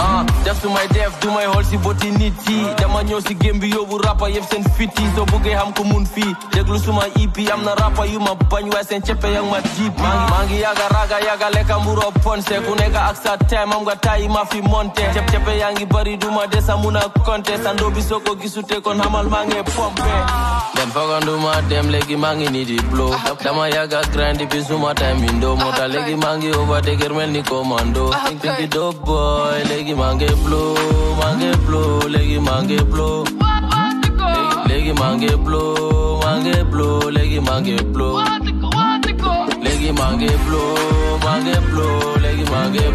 ah def my may def my whole xool si boti nit si gém bi yóbbu rappa yëpp fifty. So soo ham kumun ko mun fii déglu suma EP am na rappa you ma bañ waaye seen ceppe ma jiipi ah. maa ngi yàgga raga yaga leka mburo ponse ku nekka ak sa time am nga tayi ma fi monte Chep chepe yangi ngi bari duma desa mun a konte sandoo bi soo ko gisute kon xamal maa ngi pompe ah. Them Dem fagandu ma dem legi mangy need di blow. Dama ah, yaga grind ipi my time indo. Ah, Mota legi mangi overtake mel ni commando. Ah, think think it dope boy legi mangy blow, mangy blow, legi mangy blow. Legi mangy blow, mangy blow, legi mangy blow. Legi mangy blow, mangy blow, legi mangi blow.